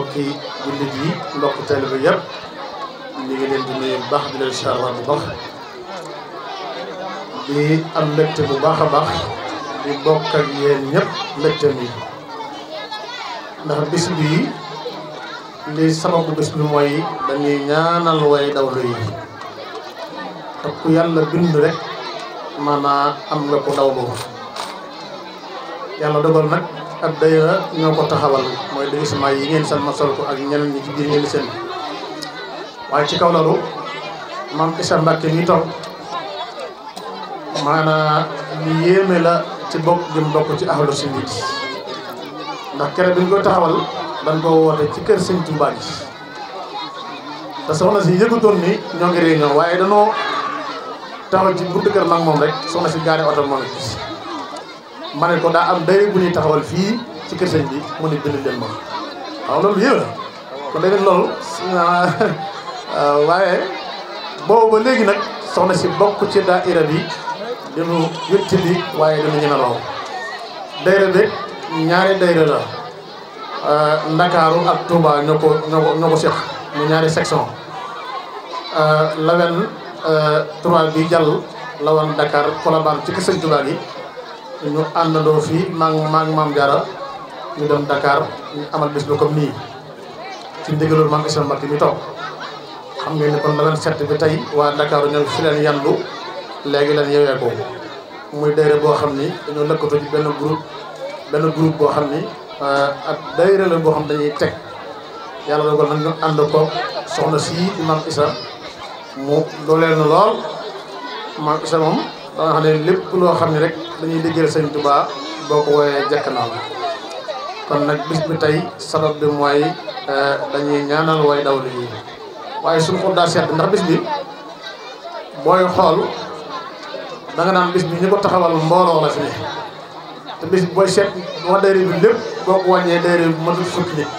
mbokki jullit yi mbokki taalibe yëpp ñu ngi leen di bu baax di leen siyaare bu baax di am mbégte bu baax a baax di ñëpp mbégte bi ndax bis bii li sababu bis bi mooy dañuy ñaanal way dawlu yi te ku yàlla bind rek maanaa am nga ko dawlu yàlla dogal nag ak dayra ñoo ko taxawal mooy yi ngeen sal ma sol ko ak ñeneen waaye ci kaw loolu maam Issa Mbacke mi toog maanaa la ci bokk bokk ci ahlu sunna ndax keroog bi ko taxawal dañ ko woote ci kër sëñ Touba gi te soxna si yëgutoon ni ñoo ngi waaye danoo taxaw ci buntu moom rek soxna si gaare day bu taxawal fii ci kër bi mu ne jënd leen ma waaw loolu yëw na kon léegi loolu waaye boobu ba léegi nag soxna si bokk ci daayira bi dañu li waaye dañu ñeme lool daayira bi ñaari daayira la Ndakaaru ak Touba ñoo ko ñoo ko ñoo ko section lawen trois bi jal lawan Dakar Colobane ci kër sëñ gi ñu àndandoo fii maa ngi maam Diarra ñu dem dakaar ñu amal bis ba comme nii ci ndigalul maam Ismaïla Mbacké mi toog xam ngeen ne kon tey waa Dakar ñoom fi leen yandu léegi leen yewee ko muy dayre boo xam ni dañoo lëkkatu ci benn groupe benn groupe boo xam ni euh, ak la boo xam dañuy teg yàlla dogal nag ñu ànd ko soxna sii maam Isa mu dooleel na lool maam Isa moom da xam ne lépp loo xam ne rek dañuy liggéeyal Sëñ Tuubaa boo ko woowee jekk naa la kon nag bis bi tey sabab bi mooy euh, dañuy ñaanal way daw li waaye suñu xol daa sedd ndax bis bi booy xool da naan bis bi ñu ko taxawal mbooloo la fi ne te bis booy seet waa dayre bi lépp boo ko wàññee ma bi mënut fukki nit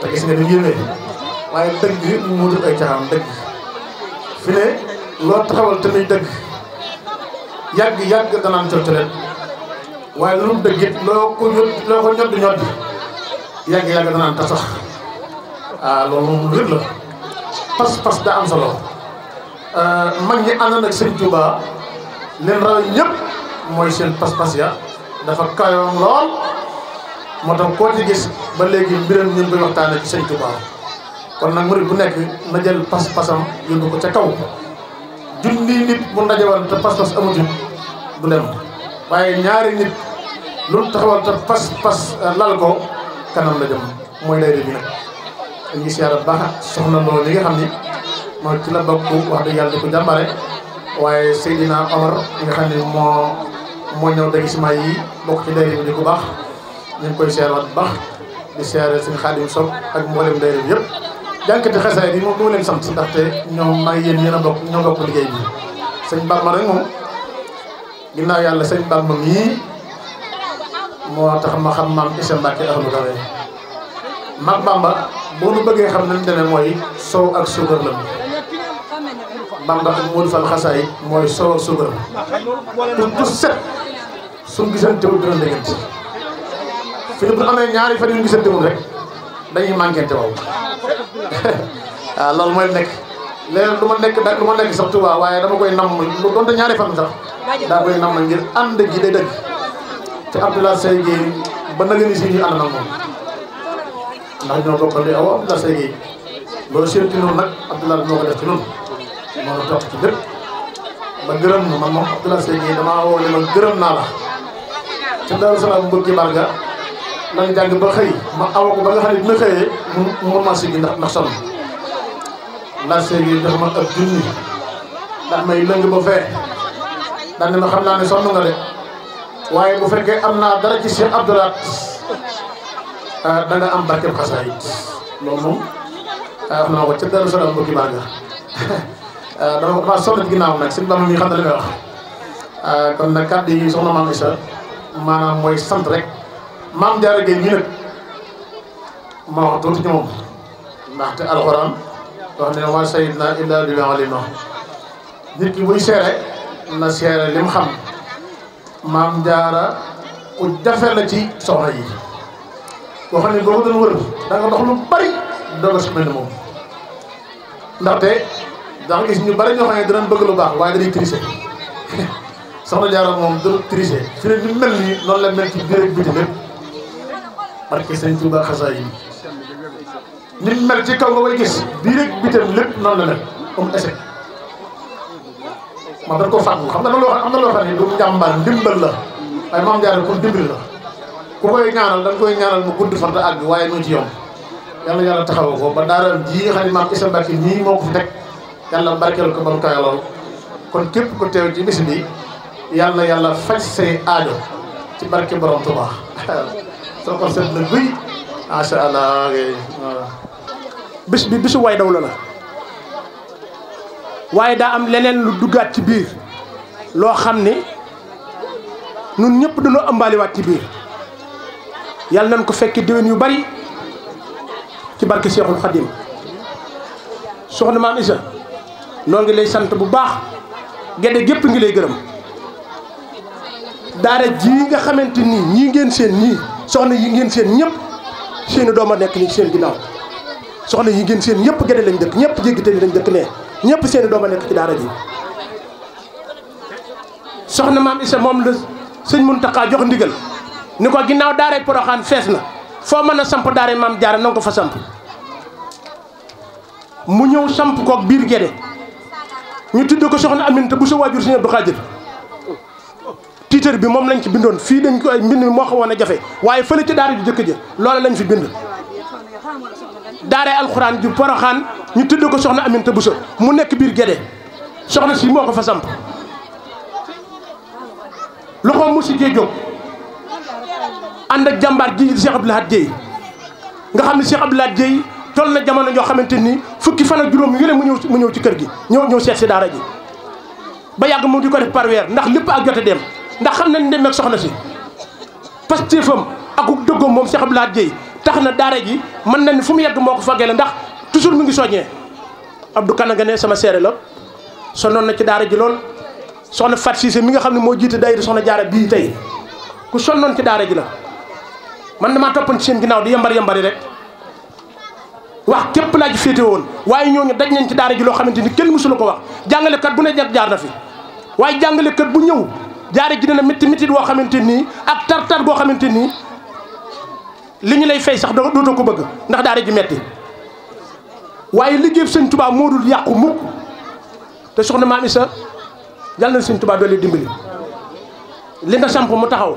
te gis nga ni yéeme waaye dëgg bi mu mënut ay caxaan dëgg fi ne loo taxawal te muy dëgg yàgg yàgg danaan col colet waaye loolu dëgg it loo ko ñot loo ko ñoddi ñoddi yàgg-yàgg danaan ta sax ah loolu moom wér la pas pas daa am solo euh, mag ñi àndoon ak sëñ Touba leen raw ñëpp mooy seen pas-pas ya dafa kayoon lool moo tax koo ci gis ba léegi mbiram ñu ngi koy waxtaanee ci sëñ Touba kon nag murid bu nekk na jël pas-pasam yóbbu ko ca kaw junni nit bu ndajewoon te pas-pas amutul du dem. waaye ñaari nit lu taxawal te pas pas eh, lal ko kanam la jëm mooy day bi nag dañuy siyaara baax soxna loolu li nga xam ni mooy ci la bokk wax dëgg yàlla di ko jàmbare waaye Seydina Omar nga xam ni moo moo ñëw déguisement yi bokk ci dayre bi baax ñu ngi koy seeraat bu baax di seere suñu xaadim sob ak mboolem dayre bi yëpp jànkati xasaay bi moom du ma leen sant ndaxte ñoom maa ngi yéen a bokk ñoo bokk liggéey bi sëñ Barma rek moom naa yàlla sëñ Bamba mii moo tax ma xam maam Issa Mbacke ahlu Kawe maam Bamba boo nu bëggee xam nañ deme mooy soow ak suukar la Bamba ak Modou Fall xasaay mooy soow ak suukar te du set suñ gisantewul dina déggante fi ñu amee ñaari fan yu ñu gisantewul rek dañuy manqué te waaw waaw ah, loolu mooy nekk léeg lu ma nekk da lu ma nekk sax Touba waaye dama koy nam lu doonte ñaari fan sax daa koy nam ngir ànd gi de dëgg te Abdoulaye Seye Gueye ba nag ni si ñu ànd nag moom ndax ñoo bokkal di aw Abdoulaye Seye Gueye loolu seen ci noonu nag Abdoulaye moo ko def ci noonu moo la topp ci lépp ba gërëm na man moom Abdoulaye Seye Gueye damaa woo ne ma gërëm naa la te Daaru Salaam mbëg ci barga nañ jàng ba xëy ma awa ko ba nga xam ne dina xëyee mu mën maa si gi ndax ndax laajte gi jox ma ab junni ndax may lëng ba fee daal ne ma xam naa ne sonn nga de waaye bu fekkee am naa dara ci Cheikh Abdou ah, am barkeb xasaayid loolu moom ah, wax naa ko ca dara sonal mbokki baa nga ah, dama ko damaa sonn ci ginnaaw nag sëñ Bamba mi xam na li may wax kon nag kàddu yi soxna maam Issa maanaam mooy sant rek maam Diarra Gueye ñi nag ma wax tuuti ci moom ndaxte alxuraan wax ne ma sayid na illa bi ma alima nit ki buy seere na seere lim xam maam jaara ku jafe la ci soxna yi boo xam ne boo ko doon da nga dox lu bari doog a su mel ni moom ndaxte da nga gis ñu bari ñoo xam ne dinañ bëgg lu baax waaye dañuy tricher soxna jaara moom du tricher fi ne ni mel nii noonu la mel ci biir biti lépp barke sëñ Tuubaa xasaa yi nit mel ci kaw nga koy gis bii rek bitam lépp noonu la mel amul échec man dañ ko fàggu xam nga loo xam na loo xam ne du njàmbaar ndimbal la waaye maam jaare ko dimbali la ku koy dañ koy ñaanal mu gudd farta àgg waaye noo ci yomb yàlla yàlla taxawoo ko ba daaram ji xam ne maam ba Mbacke ñii moo ko fi teg yàlla barkeel ko ba mu kawe kon képp ku teew ci bis bi yàlla yàlla faj say aajo ci barke borom Tuubaa soo ko seet la guy macha allah bés bi bésu way dawlu la waaye daa am leneen lu duggaat ci biir loo xam ne nun ñëpp dañoo ëmbaaliwaat ci biir yàlla nañ ko fekkee déwén yu bari ci barke Seexul Xadim soxna maam Isa noo ngi lay sant bu baax gedde gépp ngi lay gërëm daara jii nga xamante nii ñii ngeen seen ñii soxna yi ngeen seen ñëpp seeni doom a nekk nii seen ginnaaw soxna yi ngeen seen ñëpp gëne lañ dëkk ñëpp jéggi tëli lañ dëkk ne ñëpp seen i doom a nekk ci daara ji soxna maam Issa moom la sëñ Muntaxa jox ndigal ni ko ginnaaw daaray Poroxaan fees na foo mën a samp daaray maam jaara na ko fa samp mu ñëw samp koog biir Gédé ñu tudd ko soxna Aminta bu sa waajur sëñ Abdou Khadir titre bi moom lañ ci bindoon fii dañ ko ay mbind moo xawoon a jafe waaye fële ci daara ju jëkk ja loola lañ fi bind daaree alxuraan ju poroxaan ñu tudd ko soxna Aminta Bousso mu nekk biir Gédé soxna si moo ko fa samp loxoom mu si jee jóg ànd ak jàmbaar ji Cheikh Abdou Lahad Dieye nga xam ni Cheikh Abdou Lahad Dieye toll na jamono joo xamante ni fukki fan ak juróom yu ne mu ñëw mu ñëw ci kër gi ñëw ñëw seet si daara ji ba yàgg moom di ko def parweer ndax lépp ak jote dem ndax xam nañ ne dem ak soxna si pastéefam ak dëggoom moom Cheikh Abdou Lahad Dieye tax na daara ji mën na ni fu mu yegg moo ko faggale ndax toujours mu ngi soññee Abdou Kanaga ne sama seere la sonnoon na ci daara ji lool soxna Fatou Cissé mi nga xam ne moo jiite day daayira soxna jaara bii tey ku sonnoon ci daara ji la man na damaa toppoon ci seen ginnaaw di yambar yambari rek wax képp laaj ci féete woon waaye ñooñu daj nañ ci daara ji loo xamante ni kenn mësula ko wax jàngalekat bu ne jaar na fi waaye jàngalekat bu ñëw daara ji dina métti métti woo xamante nii ak tar xamante nii li ñu lay fay sax dootoo ko bëgg ndax daara ji metti waaye liggéeyub sëñ tubaa moo dul yàqu mukk te soxna maam Isa yàlla na sëñ tubaa doole dimbali li nga samp mu taxaw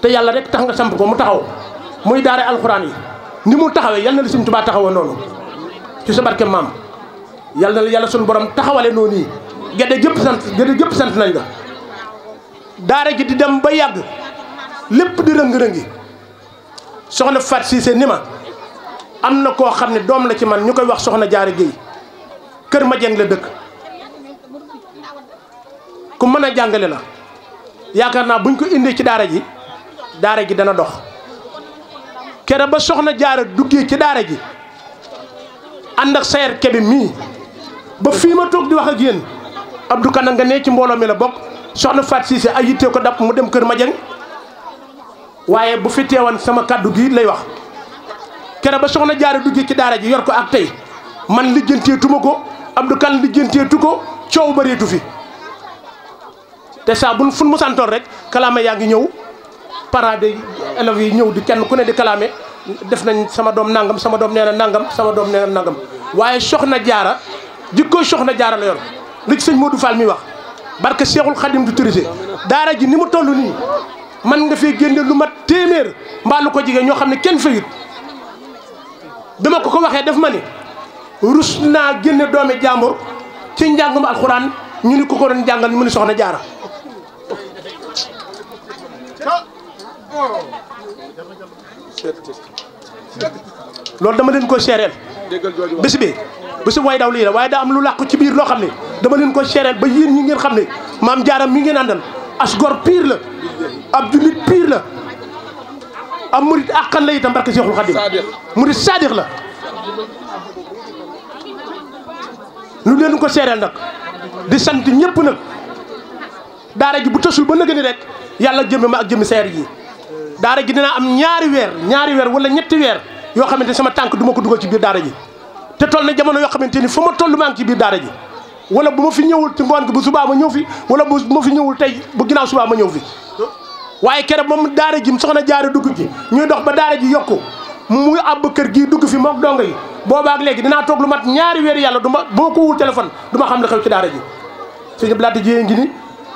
te yàlla rek tax nga samp ko mu taxaw muy daara alxuraan yi ni mu taxawee yàlla na sëñ tubaa taxawoo noonu ci sa barke maam yàlla na yàlla sunu borom taxawale noonu yi gedde gépp sant gedde gépp sant nañ la daara gi di dem ba yàgg lépp di rëng-rëngi soxna Fatou Cissé ni ma am na koo xam ne doom la ci man ñu koy wax soxna Jaara Géey kër ma la dëkk ku mën a jàngale la yaakaar naa buñ ko indee ci daara ji daara ji dana dox kere ba soxna Jaara duggee ci daara ji ànd ak sayer kebi mii ba fii ma toog di wax ak yéen Abdou Kana nga ne ci mbooloo mi la bokk soxna Fatou Cissé ay yittee ko dapp mu dem kër ma waaye bu fi teewoon sama kàddu gi lay wax kere ba soxna jaara duggee ci daara ji yor ko ak tey man lijjanteetuma ko Abdou Kane lijjanteetu ko coow bëreetu fi te saa buñ fun mu santoon rek kalaame yaa ngi ñëw parents de élèves yi ñëw di kenn ku ne di kalaame def nañ sama doom nangam sama doom nee nangam sama doom nee na nangam waaye soxna jaara jikko soxna jaara la yor li ci sëñ Modou Fall mi wax barke Cheikhul Khadim du Tirisé daara ji ni mu toll nii. man nga fee génne lu mat téeméer mbaa lu ko jege ñoo xam ne kenn fayut dama ko ko waxee def ma ne rus naa génne doomi jàmbur ci njàngum alxuraan ñu ni ko ko doon jàngal mu ni soxna jaara loolu dama leen ko seereel bés bi bés bi waaye daw lii la waaye daa am lu làqu ci biir loo xam ne dama leen ko seereel ba yéen ñi ngeen xam ne maam jaaram mi ngeen àndal asgor pire la ab julit pire la ab murit àqan la itam barke Seexul Xadim murit saadix la lu leen ko seereel nag di sant ñëpp nag daara ji bu tasul ba nëgëni rek yàlla jëmmi ma ak jëmmi seer yi daara ji dinaa am ñaari weer ñaari weer wala ñetti weer yoo xamante sama tànk du ma ko dugal ci biir daara ji te toll na jamono yoo xamante ni fu ma toll maa ngi ci biir daara ji wala bu ma fi ñëwul ci ngoon gi bu subaa ma wala bu ma fi ñëwul tey bu ginnaaw subaa ma ñëw fi waaye keroog moom daara ji soxna jaara dugg ji ñuy dox ba daara ji yokku mu àbb kër gii dugg fi mook dongo yi boobaak léegi dinaa toog lu mat ñaari weer yàlla du ma boo ko wul téléphone du xam la xew ci daara ji sëñ Abdoulaye Dieye ngi ni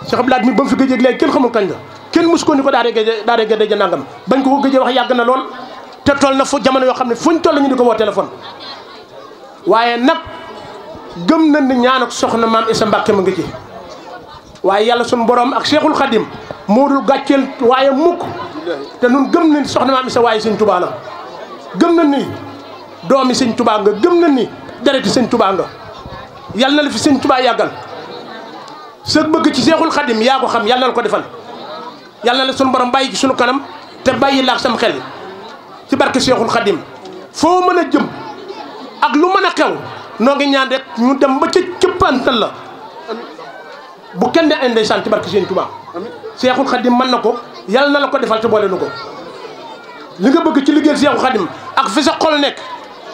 Cheikh Abdoulaye mi ba mu fi gëjee léegi kenn xamul kañ la kenn mus ko ni ko daara gëjee daara gëjee nangam bañ ko ko wax yàgg na lool te toll na fu jamono yoo xam ne fuñ toll ñu di ko woo téléphone waaye nag gëm nañ ne ñaan soxna maam Issa Mbacke ma ngi ci waaye yàlla suñu borom ak Cheikhul Khadim moo dul gàcceel waaye mukk te nun gëm nañ soxna maam Issa waaye sëñ Tuubaa la gëm nañ ni doomi sëñ Tuubaa nga gëm nañ ni dereti sëñ Tuubaa nga yàlla na la fi sëñ Tuubaa yàggal sa bëgg ci seexul Khadim yaa ko xam yàlla na la ko defal yàlla na la suñu borom bàyyi ci suñu kanam te bàyyi laax sam xel ci barke seexul Khadim foo mën a jëm ak lu mën a xew noo ñaan rek mu dem ba ca cëppantal la bu kenn de ay ndeysaan ci barke Sëriñ Tuubaa Seexul Xadim mën na ko yàlla na la ko defal te boole nu ko li nga bëgg ci liggéey Seexul Xadim ak fi sa xol nekk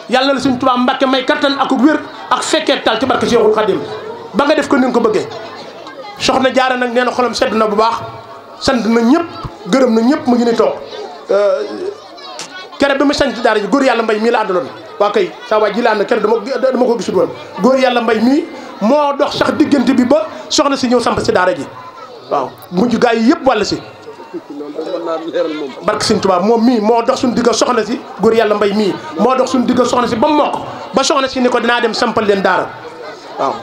yàlla na la Sëriñ Tuubaa Mbàkke may kattan ak wér ak fekkee tal ci barke Seexul Xadim ba nga def ko ni ko bëggee soxna jaara nag nee na xolam sedd na bu baax sant na ñëpp gërëm na ñëpp mu ngi ni toog euh, kere bi mu sant daara ji góor yàlla mbay mii la àndaloon waa kay saa waay jilaan na keroog dama dama ko gisul woon góor yàlla mbay mii moo dox sax diggante bi ba soxna si ñëw samp si daara ji waaw mujj gaa yi yëpp wàll si barke Sëñ Tuubaa moom mii moo dox suñu soxna si góor yàlla mbay mii moo dox suñu digg soxna si ba mokk ba soxna si ni ko dinaa dem sampal leen daara waaw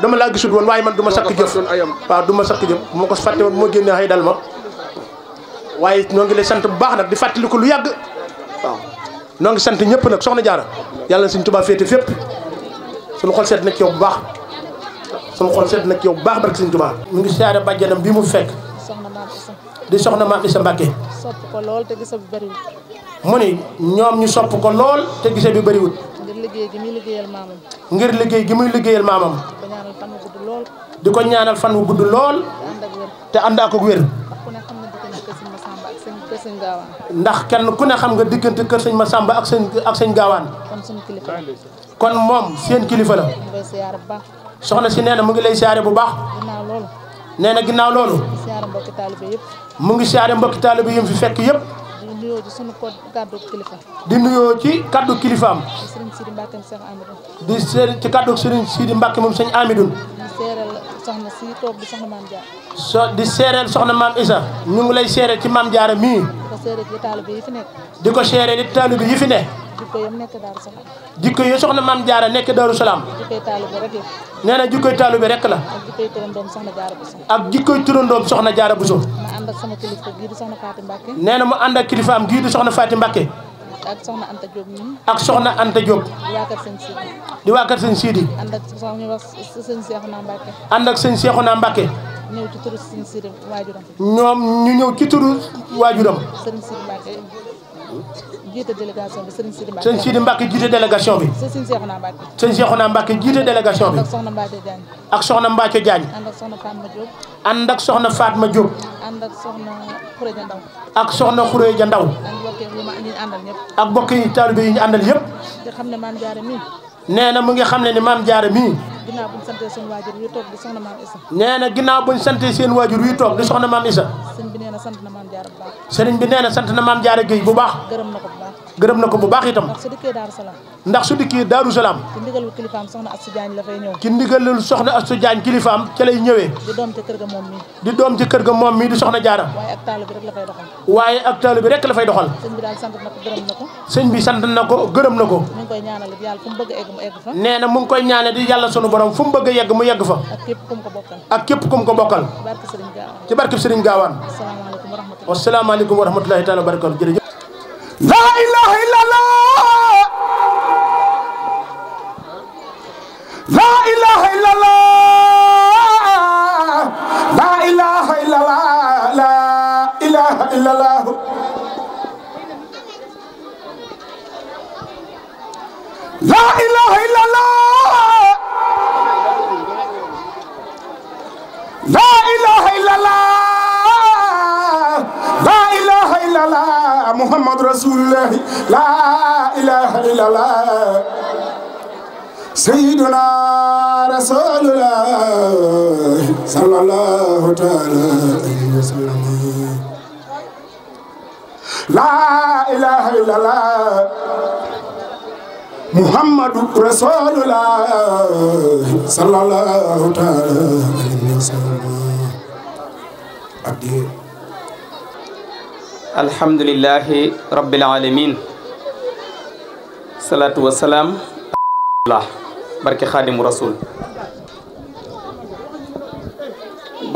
dama laa gisul woon waaye man du ma sakk jëf waaw du ma sakk jëf bu ma ko fàtte woon bu ma génnee dal ma waaye ñoo ngi lay sant bu baax nag di fàttaliku lu yàgg noo ngi sant ñëpp nag soxna jaara yàlla na suñ Tuubaa féete fépp suñu xol seet nag yow bu baax suñu xol seet nag yow bu baax barke suñ Tuubaa mu ngi siyaare bàjjanam bi mu fekk di soxna maam sa Mbàkke sopp ko lool te gise bi bëriwut mu ni ñoom ñu sopp ko lool te gise bi bëriwut ngir liggéey gi muy liggéeyal maamam ngir liggéey gi muy liggéeyal maamam di ko ñaanal fan wu gudd lool te ànd ak ak wér sëñ gaawaan ndax kenn ku ne xam nga diggante kër sëñ Masamba ak sëñ ak sëñ gaawaan kon suñu kilifa la kon moom seen kilifa la soxna si nee na mu ngi lay siyaare bu baax ginnaaw nee na ginnaaw loolu siyaare mbokki taalibe yëpp mu ngi siyaare mbokki taalibe yi mu fi fekk yëpp nuyoo ci sunu kàddu kilifa. di nuyoo ci kaddu kilifaam. di Serigne Sidi Mbacke moom sëñ Amidoune. di Serigne ci kàddu Serigne Sidi Mbacke moom sëñ Amidoune. di seereel soxna si toog di soxna maam so di seereel soxna maam Isa ñu ngi lay seereel ci maam Diarra mii. di ko seereel ci taalibe fi nekk. di ko seereel ci taalibe yi fi nekk. jikko yam nekk Daaru Salaam. jikko yi soxna maam Jaara nekk Daaru Salaam. jikkoy taalibe rek la. na jikkoy taalibe rek la. ak jikkoy turandoom soxna Jaara Bousso. ak jikkoy turandoom soxna Jaara Bousso. ma ànd ak sama kilifa gii di soxna Faati Mbacke. nee na mu ànd ak kilifaam gii di soxna Faati Mbacke. ak soxna Anta Diop ak soxna Anta Diop. di waa kër sëñ Sidi. di waa kër sëñ Sidi. ànd ak soxna wax sëñ Seexuna Mbacke. ànd ak sëñ Seexuna Mbacke. ñëw ci turu sëñ Sidi waajuram. ñoom ñu ñëw ci turu waajuram. sëñ Sidi Mbacke. jiite délégation bi sëriñ Sidi Mbacke. sëriñ Sidi Mbacke jiite délégation bi. sëriñ Cheikhouna Mbacke. sëriñ Cheikhouna Mbacke jiite délégation bi. ak soxna Mbacke Diagne. ak soxna Mbacke Diagne. ànd ak soxna Fatma Diop. ànd ak soxna Fatma Diop. ànd ak ak soxna Khourédia Ndaw. ak mbokk yi ñu àndal ñëpp. ak mbokk yi taalibe yi ñu àndal yëpp. nga xam na mu ngi xam ne ni maam Diarra mii. ginnaaw buñ santee seen waajur yu toog di soxna maam Isa. santee seen waajur yu toog di soxna maam Isa. sëriñ bi nee sant na maam Jaara a baax. sëriñ bi nee sant na maam Jaara Gueye bu baax. gërëm na ko bu baax. gërëm na ko bu baax itam. ndax su dikkee Daaru Salaam. ndax ndigalul soxna Astou Diagne ci lay ñëwee. di doom ci kër ga moom mii. di doom ci kër ga moom mii soxna Jaara. waaye ak taalu bi rek la fay doxal. sëñ bi daal na ko gërëm na ko. sëñ ngi koy ñaanal yàlla fu mu bëgg a egg mu egg fa. nee na mu ngi di yàlla sunu borom fu mu bëgg yegg mu yegg fa. ak képp kum ko bokkal. ci barkeb Sëriñ Gaawaan. Gaawaan. wasalaamaaleykum wa rahmatulahi taala wa barakatu la ilaha illallah رسول الله لا إله إلا الله سيدنا رسول الله صلى الله تعالى عليه وسلم لا إله إلا الله محمد رسول الله صلى الله تعالى عليه وسلم alhamdulilahi rabbil alamin salaatu wasalaam ala barke xaadimu rasul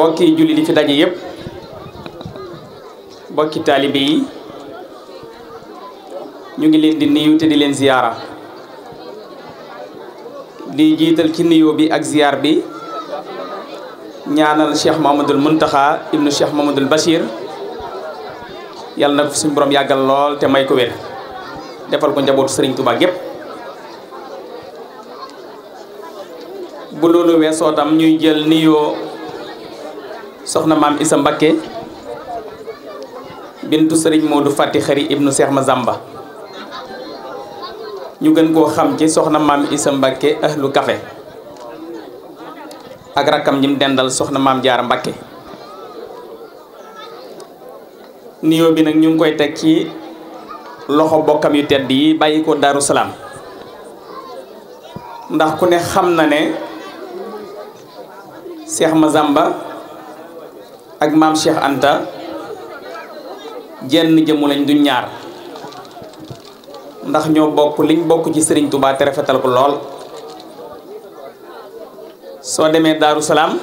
bokki julli di fi daje bokki taalibe yi ñu ngi leen di nuyu te di leen ziyaara di jiital ci nuyoo bi ak ziyaar bi ñaanal cheikh mahamadul muntaxa ibnu cheikh mahamadul bachir yàlla na ko fi suñu borom yàggal lool te may ko wér defal ko njabootu Serigne Touba gépp bu loolu weesoo tam ñuy jël nuyoo soxna maam isa Mbakke bintu Serigne Modou Fati Xari ibnu Seex ma Zamba ñu gën koo xam ci soxna maam Issa Mbakke ahlu kafe ak rakkam ñi mu dendal soxna maam Jaara Mbakke. nuyoo bi nag ñu ngi koy teg ci loxo bokkam yu tedd yi bàyyi ko Salaam ndax ku ne xam na ne Cheikh Mazamba ak maam Cheikh Anta jenn jëmmu lañ du ñaar ndax ñoo bokk liñ bokk ci sëriñ Touba rafetal ko lool soo demee Darou Salaam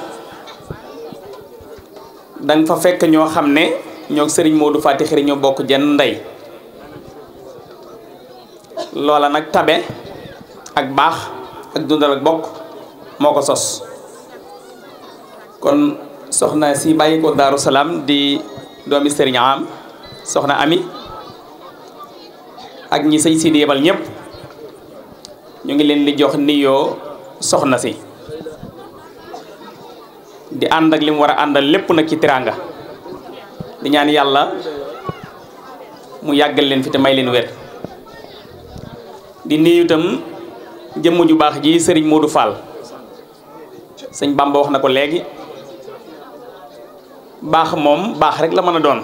danga fa fekk ñoo xam ne. ñoo sëriñ moo du Khary ñoo bokk jenn ndey loola nag tabe ak baax ak dundal ak bokk moo ko sos kon soxna si bàyyi ko Salaam di doomi Serigne Am soxna Ami ak ñi sëñ si di yebal ñëpp ñu ngi leen di jox niyoo soxna si di ànd ak li mu war a àndal lépp nag ci teraanga. di ñaan yàlla mu yàggal leen fi te may leen wér di nuyu itam jëmm ju baax ji sëriñ Modou Fall sëñ Bamba wax na ko léegi baax moom baax rek la mën a doon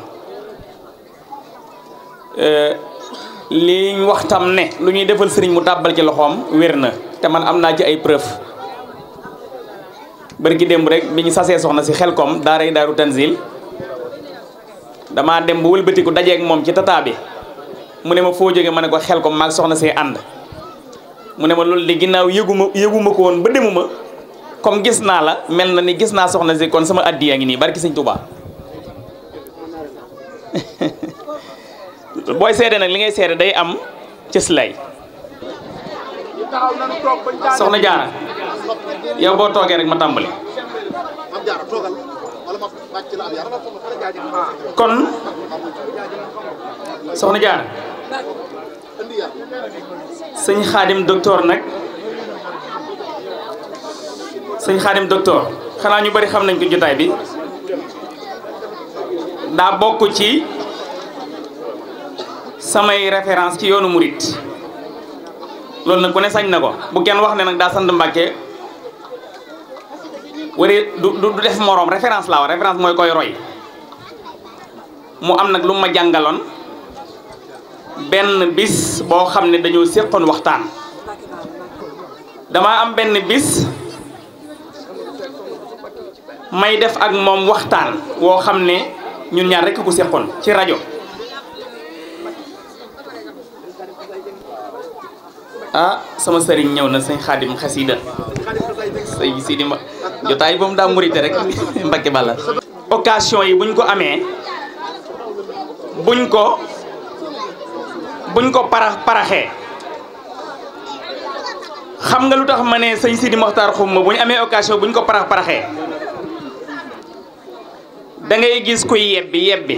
eh, liñ waxtam ne lu ñuy defal sëriñ mu tàbbal ci loxoom wér na te man am naa ci ay preuve bërki démb rek bi sasee soxna si xel kom daaray daaru tanzil damaa dem ba wëlbatiku dajeeg moom ci tataa bi mu ne ma foo jóge ma ne ko xel ko maag soxna see ànd mu ne ma loolu de ginnaaw yëguma yëguma ko woon ba demuma comme gis naa la mel na ni gis naa soxna si kon sama addiya ngi nii barki sëñ Tuubaa booy seede nag li ngay seede day am cës soxna jaara yow boo toogee rek ma tàmbali kon soxna Diarra sëñ xaadim docteur nag sëñ xaadim docteur xanaa ñu bari xam nañ ko jotaay bi daa bokk ci samay référence ci yoonu murit loolu nag ku ne sañ na ko bu kenn wax ne nag daa sant Mbàkke waree du du def moroom référence laa wax référence mooy koy roy mu am nag lu ma jàngaloon benn bis boo xam ne dañoo séqoon waxtaan dama am benn bis may def ak moom waxtaan woo xam ne ñun ñaar rekk ku séqoon ci rajo ah sama sëriñ ñëw na sëñ xaadim xasida sëñ sidi jotaay ba mu daa murite rek Mbacke Balla occasion yi buñ ko amee buñ ko buñ ko para paraxee xam nga lu tax ma ne sëñ Sidi Mokhtar Xuma bu ñu amee occasion buñ ko parax paraxee da ngay gis kuy yebbi yebbi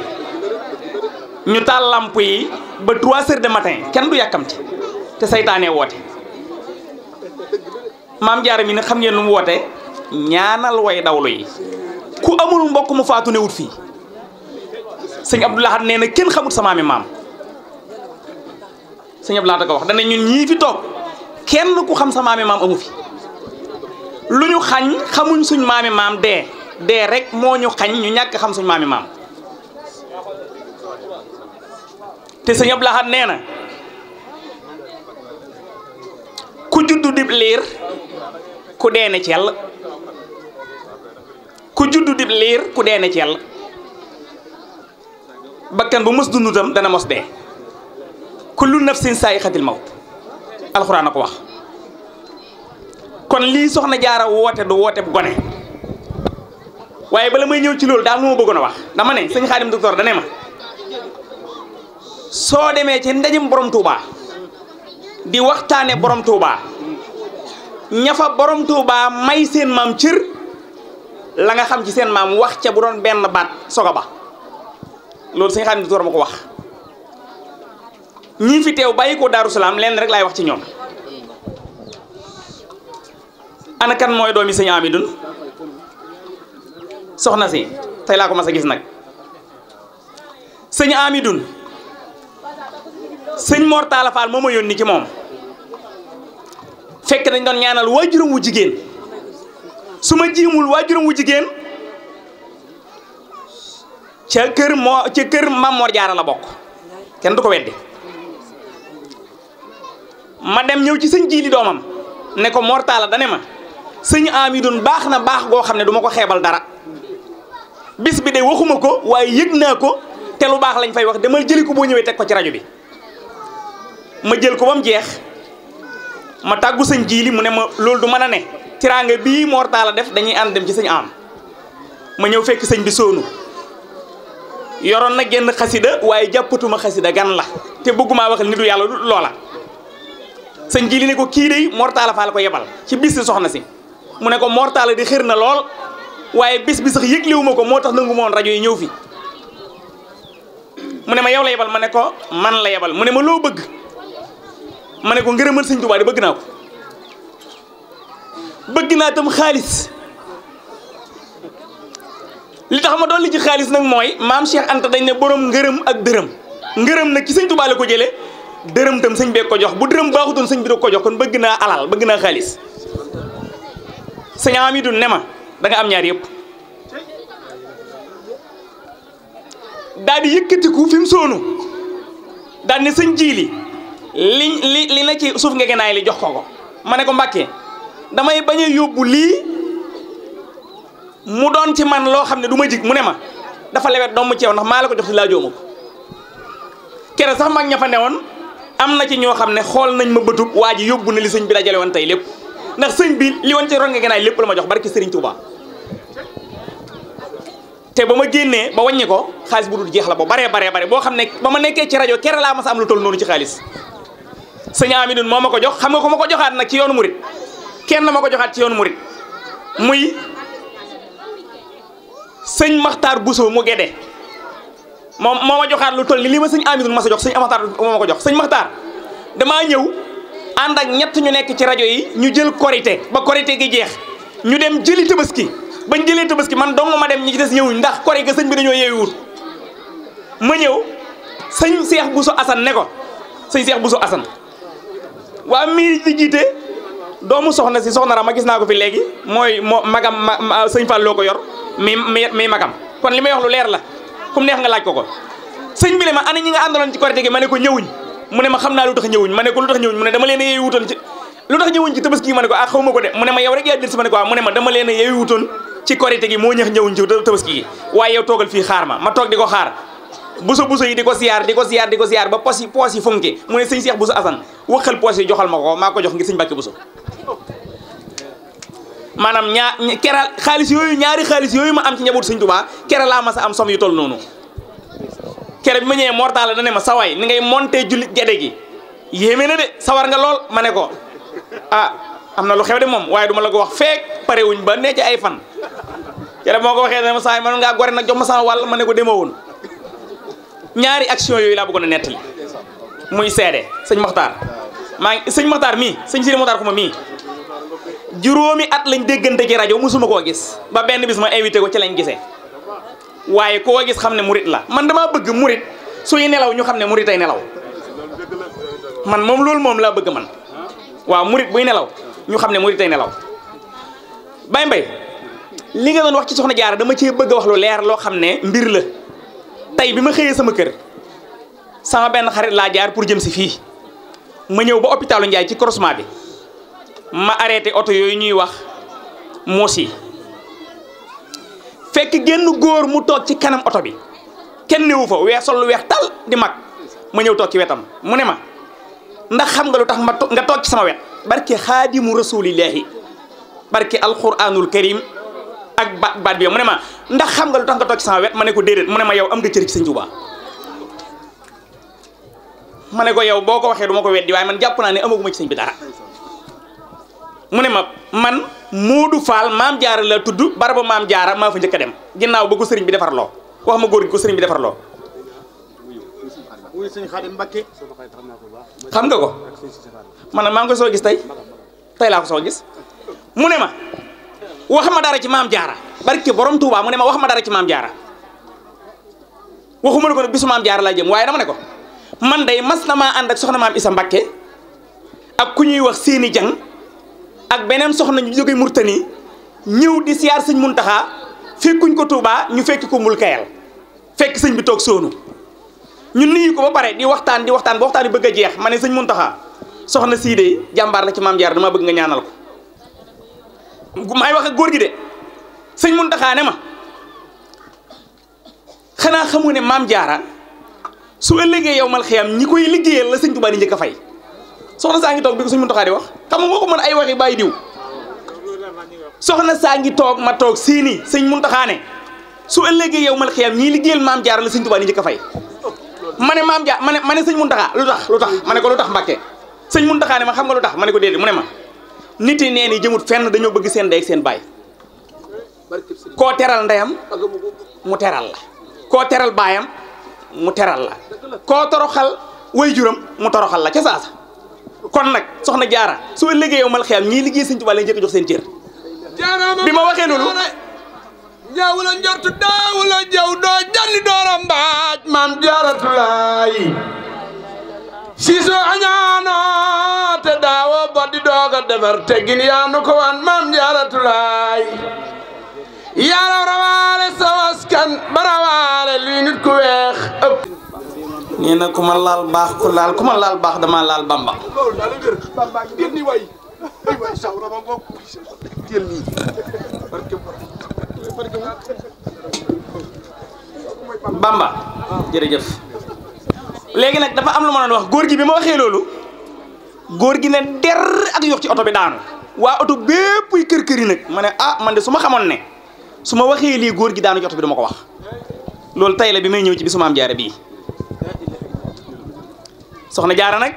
ñu taal lamp yi ba 3 heures de matin kenn du yàkkamti te saytaanee woote maam Diarra mi nag xam ngeen lu mu woote. ñaanal way dawlu yi ku amul mbokk mu faatu wut fii sëñ Abdou Lahad nee na kenn xamut sama mi maam sëñ Abdou Lahad ko wax dana ñun ñii toog kenn ku xam sama mi maam amu fi lu ñu xañ xamuñ suñ maami maam dee dee rek moo ñu xañ ñu ñàkk xam suñ maami maam te sëñ Abdou Lahad nee na ku juddu dib liir ku dee ne ku juddu di liir ku dee ne ci yàlla bakkan bu mos dund dana mos dee kullu nafsin saayixatil mawt alxuraan a ko wax kon lii soxna jaara woote du woote bu gone waaye bala may ñëw ci loolu daal lu ma bëggoon a wax dama ne sëñ xaadim docteur dane ma soo demee ci ndajum borom Touba di waxtaane borom Touba ña borom Touba may seen maam cër la nga xam ci seen maam wax ca bu doon benn baat soga ba loolu si nga xam ne ko wax ñi fi teew bàyyi ko lenn rek laay wax ci ñoom ana kan mooy doomi sëñ Amidun soxna si tey laa ko mas a gis nag sëñ Amidun sëñ Mor Talla Fall moo ma yónni ci moom fekk dañ doon ñaanal waajuram wu jigéen su ma jiimul waajuram wu jigéen ca kër moo ca kër Maam Mor Jaara la bokk kenn du ko weddi ma dem ñëw ci sëñ jiili doomam ne ko Mor Talla dane ma sëñ Amidoune baax na baax goo xam ne du ma ko xeebal dara bis bi de waxuma ko waaye yëg naa ko te lu baax lañ fay wax demal jëli ko boo ñëwee teg ko ci rajo bi ma jël ko ba mu jeex ma tàggu sëñ jiili mu ne ma loolu du mën a ne tiraanga bii Mor Talla def dañuy ànd dem ci sëñ am ma ñëw fekk sëñ bi soonu yoroon na genn xasida waaye jàppatuma xasida gan la te bëggumaa waxal ni du yàlla loola sëñ ji li ne ko kii dey Mor Talla Fall ko yebal ci bis si soxna si mu ne ko Mor di xër na lool waaye bis bi sax yëglewuma ko moo tax nangu moon rajo yi ñëw fi mu ne ma yow la yebal ma ne ko man la yebal mu ne ma loo bëgg ma ne ko ngërëmal sëñ Tuubaa di bëgg naa ko bëgg naa itam xaalis li tax ma li ci xaalis nag mooy maam Cheikh Anta dañ ne borom ngërëm ak dërëm ngërëm na ci sëñ Tuubaa ko jëlee dërëm tam sëñ bee ko jox bu dërëm baaxutoon sëñ bi da ko jox kon bëgg naa alal bëgg naa xaalis sëñ Amidou ne ma da am ñaar yëpp daal di yëkkatiku fi mu soonu daal ne sëñ jiili li li li na ci suuf ngegeenaay li jox ko ko ma ne ko mbàkkee damay bañ a yóbbu lii mu doon ci man loo xam ne du ma jig mu ne ma dafa lewet doom ci yow ndax maa la ko jox si laa jooma ko kere sax mag ña woon am na ci ñoo xam ne xool nañ ma bëtu waa ji yóbbu na li sëñ bi dajale woon tey lépp ndax sëñ bi li woon ci ron nga gënaay lépp la ma jox barki sëriñ Tuuba te ba ma génnee ba wàññi ko xaalis bu jeex la bo baree baree bare boo xam ne ba ma nekkee ci rajo kere laa mas a am lu toll noonu ci xaalis sëñ Amidun moom ma ko jox xam nga ko ma ko joxaat nag ci yoonu murit kenn ma ko joxaat ci yoonu murit muy sëñ Maxtaar Bousso mu Gédé moom moo ma joxaat lu toll ni lii ma sëñ Amidou ma sa jox sëñ Amaxtaar moo ma ko jox sëñ Maxtaar damaa ñëw ànd ak ñett ñu nekk ci rajo yi ñu jël korité ba korité gi jeex ñu dem jëli tabaski bañ jëlee tabaski man dong ma dem ñi ci des ñëwuñ ndax koré ga sëñ bi dañoo yeewuut ma ñëw sëñ Seex Bousso Assane ne ko sëñ Seex Bousso Assane waa mi di jiite. doomu soxna si soxna Rama gis naa ko fi léegi mooy moo magam ma sëñ Fall loo ko yor mi mi magam kon li may wax lu leer la kum neex nga laaj ko ko sëñ bi ne ma ana ñi nga àndaloon gi ma ne ko xam naa lu tax ñëwuñ ma ne ko lu tax ñëwuñ mu ne a yeewi ko ah de mu ne ma yow rek yaa dir si ma ne ko ah mu ne ma dama leen a wutoon ci korite gi moo ñëx ñëwuñ ci tabaski gi waaye yow toogal fii xaar ma ma toog di ko xaar buso buso yi di ko siyaar di ko siyaar di ko siyaar ba pos yi poos yi funki mu ne sëñ Seex Buso Asan waxal poos yi joxal ma ko maa ko jox ngir sëñ Mbàkke Buso maanaam ñaa keral xaalis yooyu ñaari xaalis yooyu ma am ci njabootu sëñ Tuubaa kera laa ma sa am som yu toll noonu kere bi ma ñëwee mortale na ne ma sawaay ni ngay monté jullit gede gi yéeme na de sawar nga lool ma ne ko ah am na lu xew de moom waaye duma la ko wax feek pare wuñ ba ne ci ay fan kere moo ko waxee ne ma sawaay man ngaa gore nag jox ma sama wàll ma ne ko demewoon ñaari action yooyu laa na nett nettali muy seede sëñ Maxtaar maa sëñ Maxtaar mii sëñ Sidi Maxtaar ko ma mii juróomi at lañ déggante ci rajo musuma koo gis ba benn bis ma invité ko ci lañ gisee waaye koo gis xam ne murit la man damaa bëgg murit suy nelaw ñu xam ne murit ay nelaw man moom loolu moom laa bëgg man waaw murit buy nelaw ñu xam ne murit ay nelaw bay mbay li nga doon wax ci soxna jaar dama ci bëgg a wax lu leer loo xam ne mbir la tey bi ma xëyee sama kër sama benn xarit laa jaar pour jëm si fii ma ñëw ba hôpitalu njaay ci croisement bi ma arrêté oto yooyu ñuy wax moos yi fekk génn góor mu toog ci kanam oto bi kenn newu fa weex sol lu weex tal di mag ma ñëw toog ci wetam mu ne ma ndax xam nga lu tax ma nga toog ci sama wet barke xaadimu rasulillahi barke alquranul karim ak baat baat bi mu ne ma ndax xam nga lu tax nga toog sama wet ma ne ko déedéet mu ne ma yow am nga cër ci sëñ Tuubaa ma ne ko yow boo ko waxee du ma ko weddi waaye man jàpp naa ne amaguma ci sëñ bi dara mu ne ma man Moodu Fall maam jaara la tudd baraba maam jaara maa fa njëkk dem ginnaaw ba ko sëriñ bi defarloo wax ma góor gi ko sëriñ bi defarloo xam nga ko man maa ngi ko soo gis tey tey laa ko soo gis mu ne ma wax ma dara ci maam jaara barke borom Touba mu ne ma wax ma dara ci maam jaara waxuma ne ko nag bisu maam jaara laa jëm waaye dama ne ko man day mas na maa ànd ak soxna maam Isa Mbakke ak ku ñuy wax seeni jang ak beneen soxna ñu jóge Murtani ñëw di siyaar sëñ Muntaxa fekkuñ ko tuubaa ñu fekk ko mbul fekk sëñ bi toog soonu ñu nuyu ko ba pare di waxtaan di waxtaan ba waxtaan bi bëgg a jeex ma ne sëñ taxaa soxna sii de jàmbaar la ci maam jaara dama bëgg nga ñaanal ko. ma ay wax ak góor gi de sëñ mun ne ma xanaa xamu ne maam jaara su ëllëgee yow mal xiyam ñi koy liggéeyal la sëñ Tuubaa di njëkk fay soxna saa ngi toog bi ko sëñ Muntaxa di wax xam nga moo ko mën ay waxi bàyyi diw soxna saa ngi toog ma toog sii nii sëñ Muntaxa ne su ëllëgee yow mal xiyam ñii liggéeyal maam jaara la sëñ Tuubaa di njëkk a fay ma ne maam jaar ma ne ma ne sëñ Muntaxa lu tax lu tax ma ne ko lu tax Mbàkke sëñ Muntaxa ne ma xam nga lu tax ma ne ko déedéet mu ne ma nit yi nee ni jëmut fenn dañoo bëgg seen ndey ak seen baay koo teral ndeyam mu teral la koo teral baayam mu teral la koo toroxal way juram mu toroxal la ca saasa kon nag soxna jaara soo liggéey yow mal xiyam ñii liggéey sëñ Tuubaa lañ njëkk jox seen cër bi ma waxee loolu ñaaw la njortu daaw doo jalli dooram mbaaj maam jaaratulaay siiso añaano te daawo boddi dooga defar teggin yaanu ko wan mam jaaratulaay yaaraw sawaskan ba rawaale ku weex ëpp nee na ku ma laal baax ku laal ku ma laal baax dama laal bamba léegi nag dafa am lu ma doon wax góor gi bi ma waxee loolu góor gi ne der ak yox ci oto bi daanu waa oto bépp yi kër kër yi nag ma ne ah man de su ma xamoon ne su ma waxee lii góor gi daanu ci oto bi dama ko wax loolu tay la bi may ñëw ci bi maam jaara bii soxna jaara nag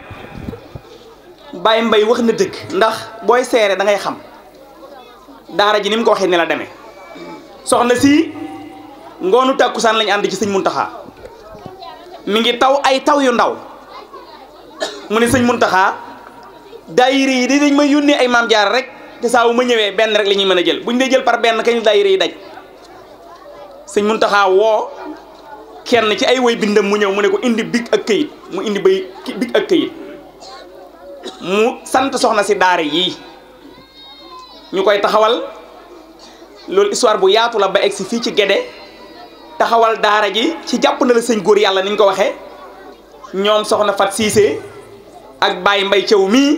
Baye Mbaye wax na dëgg ndax booy seere da ngay xam daara ji ni ko waxee ni la demee soxna si ngoonu tàkkusaan lañ ànd ci sëñ Muntaxa mi ngi taw ay taw yu ndaw mu ne sëñ mun Muntaxa daayira yi dañ may yónnee ay maam jaar rek te saa wu ma ñëwee benn rek la ñuy a jël bu ñu dee jël par benn kañ daayira yi daj sëñ mun taxaa woo kenn ci ay woy bindam mu ñëw mu ne ko indi big ak këyit mu indi bay big ak këyit mu sant soxna si daara yii ñu koy taxawal loolu histoire bu yaatu la ba si fii ci Guédé taxawal daara ji ci jàpp na la sëñ góor yàlla niñ ko waxee ñoom soxna Fat Cissé ak baay Mbay Thiaw mii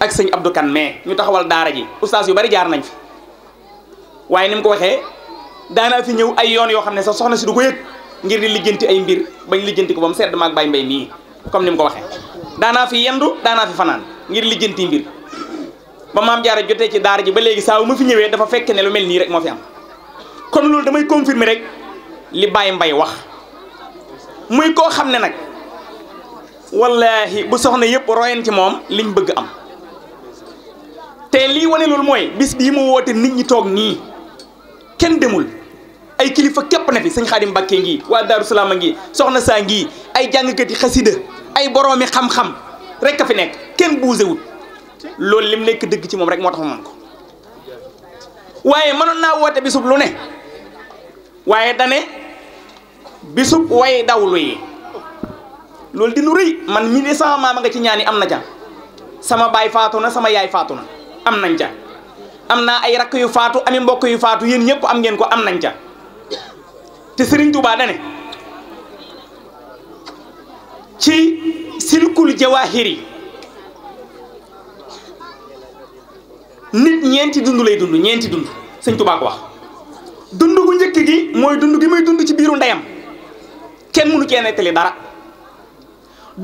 ak sëñ Abdou Kan mais ñu taxawal daara ji ustaas yu bari jaar nañ fi waaye ni mu ko waxee daanaa fi ñëw ay yoon yoo xam ne sax soxna si du ko yëg ngir di lijjanti ay mbir bañ lijjanti ko ba mu sedd maag Baye Mbay mii comme ni mu ko waxee daanaa fi yendu daana fi fanaan ngir lijjanti mbir ba maam jaara jotee ci daara ji ba léegi saa wu ma fi ñëwee dafa fekk ne lu mel nii rek moo fi am li bàyyi mbay wax muy koo xam ne nag wallaahi bu soxna yëpp royan ci moom liñ bëgg am te lii wane loolu mooy bis yi ma woote nit ñi toog nii kenn demul ay kilifa képp na fi sëñ Xaadim Mbàkke ngi waa Daaru ngi soxna saa ngi ay jàngkati xasida ay boroomi xam-xam rek a fi nekk kenn wut loolu lim nekk dëgg ci moom rek moo tax ma mën ko waaye mënoon naa woote bisub lu ne waaye dane bisub way dawlu yi loolu di lu man mi de sama maama nga ci ñaani am na ca sama baay faatu na sama yaay faatu na am nañ ca am na ay rakk yu faatu ami mbokk yu faatu yéen ñëpp am ngeen ko am nañ ca te Sëriñ Tuubaa dane ci silkul jawaahiri nit ñeenti dund lay dund ñeenti dund Sëriñ Tuubaa ko wax dund gu njëkk gi mooy dund gi muy dund ci biiru ndeyam kenn mënu cee nettali dara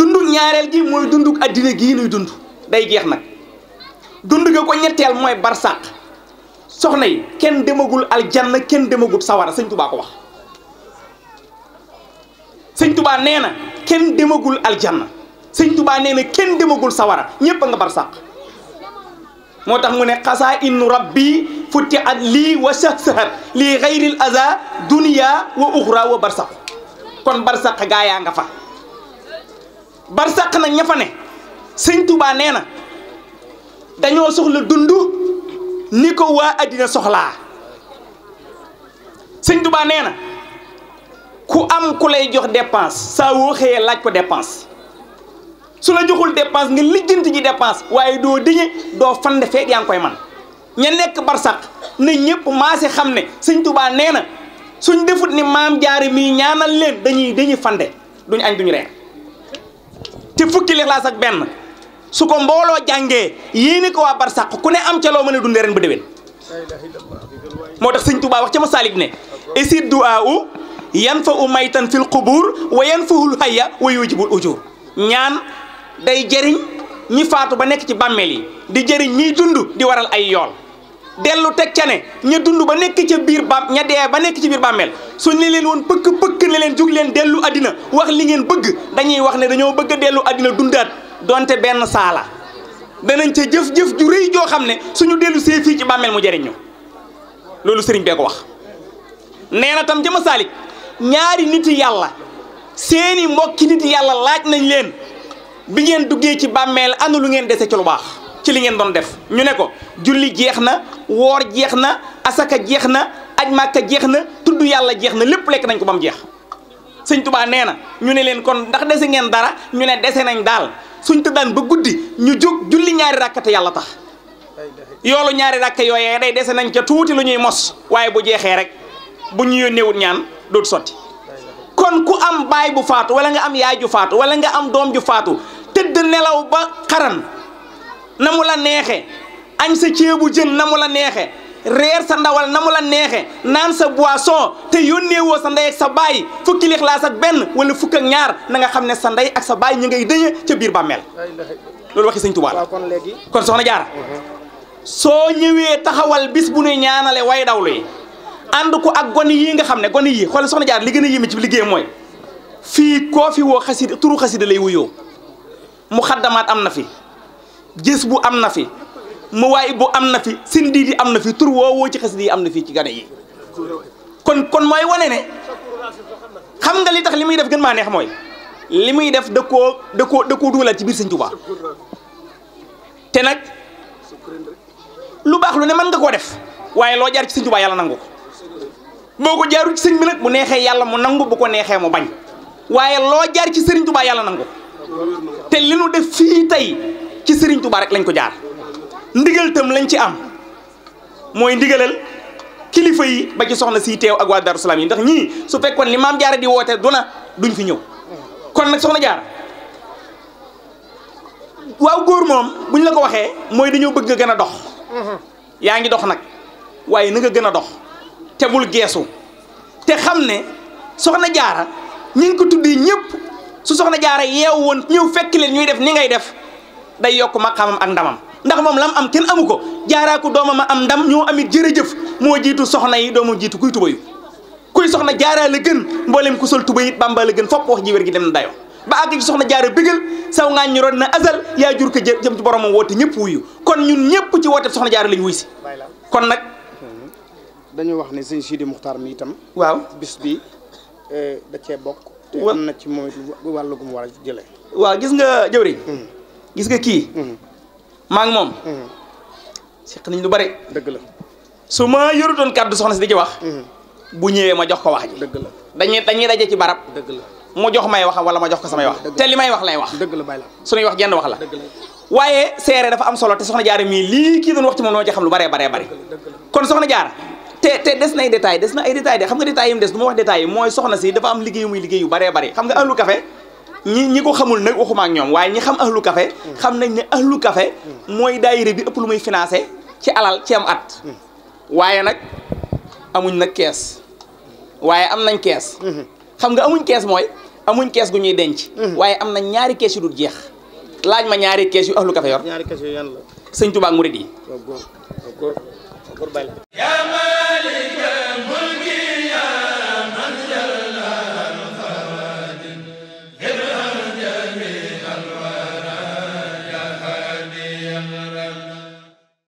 dunduk ñaareel gi mooy dunduk addina gi nuy dund day geex nag dund ga ko ñetteel mooy barsàq soxna kenn demagul aljanna kenn demagul sawara sëñ tubaa ko wax na kenn demagul aljanna sëñ tubaa na kenn demagul sawara ñépp a nga barsàq moo tax mu ne xasaa innu rabbi futti at li wa sahsahar lii xayril aza duniya wa uxra wa barsàq kon barsàq gaa yaa nga fa barsàq na ña fa ne sëñ nee na dañoo soxla dund ni ko waa àddina soxla sëñ Touba nee na ku am ku lay jox dépense saa woo laaj ko dépense su la joxul dépense nga lijjanti ji waaye doo diñe doo fande feeg yaa ngi koy man ña nekk barsàq na ñëpp maase xam ne sëñ Touba nee na suñ defut ni maam jaare mii ñaanal leen dañuy dañuy fande duñ añ duñ reer te fukki lixlaas ak benn su ko mbooloo jàngee yéene ko waa barsàq ku ne am ca loo mën a dundee ren ba déwén moo tax sëñ Tuubaa wax ca ma Masaalik ne isid du'a u yan fa u maytan fil qubur wa yan fahul hayya wa yujibul ujur ñaan day jariñ ñi faatu ba nekk ci bàmmeel yi di jëriñ ñiy dund di waral ay yool dellu teg ca ne ña dund ba nekk ca biir ba ña dee ba nekk ci biir bàmmeel suñ ne leen woon pëkk pëkk ne leen jóg leen dellu àddina wax li ngeen bëgg dañuy wax ne dañoo bëgg a dellu àddina dundaat donte benn saala danañ ca jëf-jëf ju rëy joo xam ne suñu dellu see fii ci bàmmeel mu jariñ loolu sëriñ bee ko wax nee na tam jëma saalik ñaari nit yàlla seeni mbokki nit yàlla laaj nañ leen bi ngeen duggee ci bàmmeel anu lu ngeen dese ci lu baax ci li ngeen doon def ñu ne ko julli jeex na woor jeex na asaka jeex na aj màkka jeex na tudd yàlla jeex na lépp lekk nañ ko ba mu jeex sëñ tubaa nee na ñu ne leen kon ndax dese ngeen dara ñu ne dese nañ daal suñ tëddaan ba guddi ñu jóg julli ñaari ràkka te yàlla tax yoolu ñaari ràkka yooyee day dese nañ ca tuuti lu ñuy mos waaye bu jeexee rek bu ñu yónneewut ñaan dootu sotti kon ku am baay bu faatu wala nga am yaay ju faat wala nga am doom ju faatu na la neexe añ sa ceebu jën na mu la neexe reer sa ndawal na mu la neexe naan sa boisson te yónneewoo sa ndey ak sa baay fukki lixlaas ak benn wala fukk ak ñaar na nga xam ne sa ndey ak sa baay ñu ngay dëñe ca biir bàmmeel loolu waxi sañ Tuubaa la kon léegi kon soxna Jaara uh-huh. soo ñëwee taxawal bis bu ñuy ñaanale way dawlu yi ànd ko ak gon yii nga xam ne gone yii xool soxna Jaara li gën a yéeme ci liggéey mooy fii koo fi woo xasida turu xasida lay wuyoo mu xaddamaat am na fi gis bu am na fi mu waay bu am na fi sindi di am na fi tur woowoo ci xasida yi am na fii ci gane yi kon kon mooy wane ne xam nga li tax li muy def gën maa neex mooy li muy def da dëkkoo da koo dugalaat ci biir sëñ Tuubaa te nag lu baax lu ne man nga koo def waaye loo jaar ci sëñ Tuubaa yàlla nangu ko boo sëñ bi nag bu neexee yàlla mu nangu bu neexee mu bañ waaye loo jaar ci sëriñ Tuubaa yàlla nangu te li nu def fii tey ci Serigne Touba rek lañ ko jaar ndigal tam lañ ci am mooy ndigalal kilifa yi ba ci soxna si teew ak waa Darou Salaam yi ndax ñii su fekkoon li maam jaare di woote du na duñ fi ñëw kon nag soxna jaar waaw góor moom buñ la ko waxee mooy dañoo bëgg nga gën a dox yaa ngi dox nag waaye na gën a dox te bul geesu te xam ne soxna jaara ñu ngi ko tuddee ñëpp su soxna jaara yeew woon ñëw fekk leen ñuy def ni ngay def day yokk maqaamam ak ndamam ndax moom lam am kenn amu ko jaaraaku doomam a am ndam ñoo amit jërëjëf moo jiitu soxna yi doomu jiitu kuy tubayu kuy soxna jaaraa la gën mboolem ku sol tuba it bàmba gën fopp wax ji wér gi dem na dayoo ba àgg ci soxna jaara bégal saw ngaañ roon na azal yaa jur ko jëm ci boromam woote ñëpp wuyu kon ñun ñëpp ci woote soxna jaara lañ wuy si kon nag dañu wax ne sëñ Sidi Muxtaar mi itam waaw bis bi eh, da cee bokk te na ci moom wàllu gu mu war waaw gis nga jëwriñ hmm. gis nga kii. Mhm. maa ngi moom. Mhm. seq nañ lu bari. la su ma yorutoon kàddu soxna si wax. Mhm. bu ñëwee ma jox ko wax ji. dëgg la dañuy dañuy daje ci barab. dëgg la mu jox may wax wala ma jox ko samay wax. te li may wax lay wax. dëgg la bay la suñuy wax jenn wax la. waaye seere dafa am solo te soxna jaara mii lii kii doon wax ci moom noo ci xam lu baree baree bari kon soxna jaara te te des na ay détails des na ay détails de xam nga détails des du ma wax détails mooy soxna si dafa am liggéey muy liggéey yu baree bari xam nga ahlu café ñi ñi ko xamul nag waxuma ak ñoom waaye ñi xam ahlu kafe xam nañ ne ahlu café mooy daayira bi ëpp lu muy financé ci alal ci am at waaye nag amuñ nag kees waaye am nañ kees xam nga amuñ kees mooy amuñ kees gu ñuy denc waaye am nañ ñaari kees yu dul jeex laaj ma ñaari kees yu ahlu kafe yoon ñaari kees yu yan la sëñ Tuubaa murid yi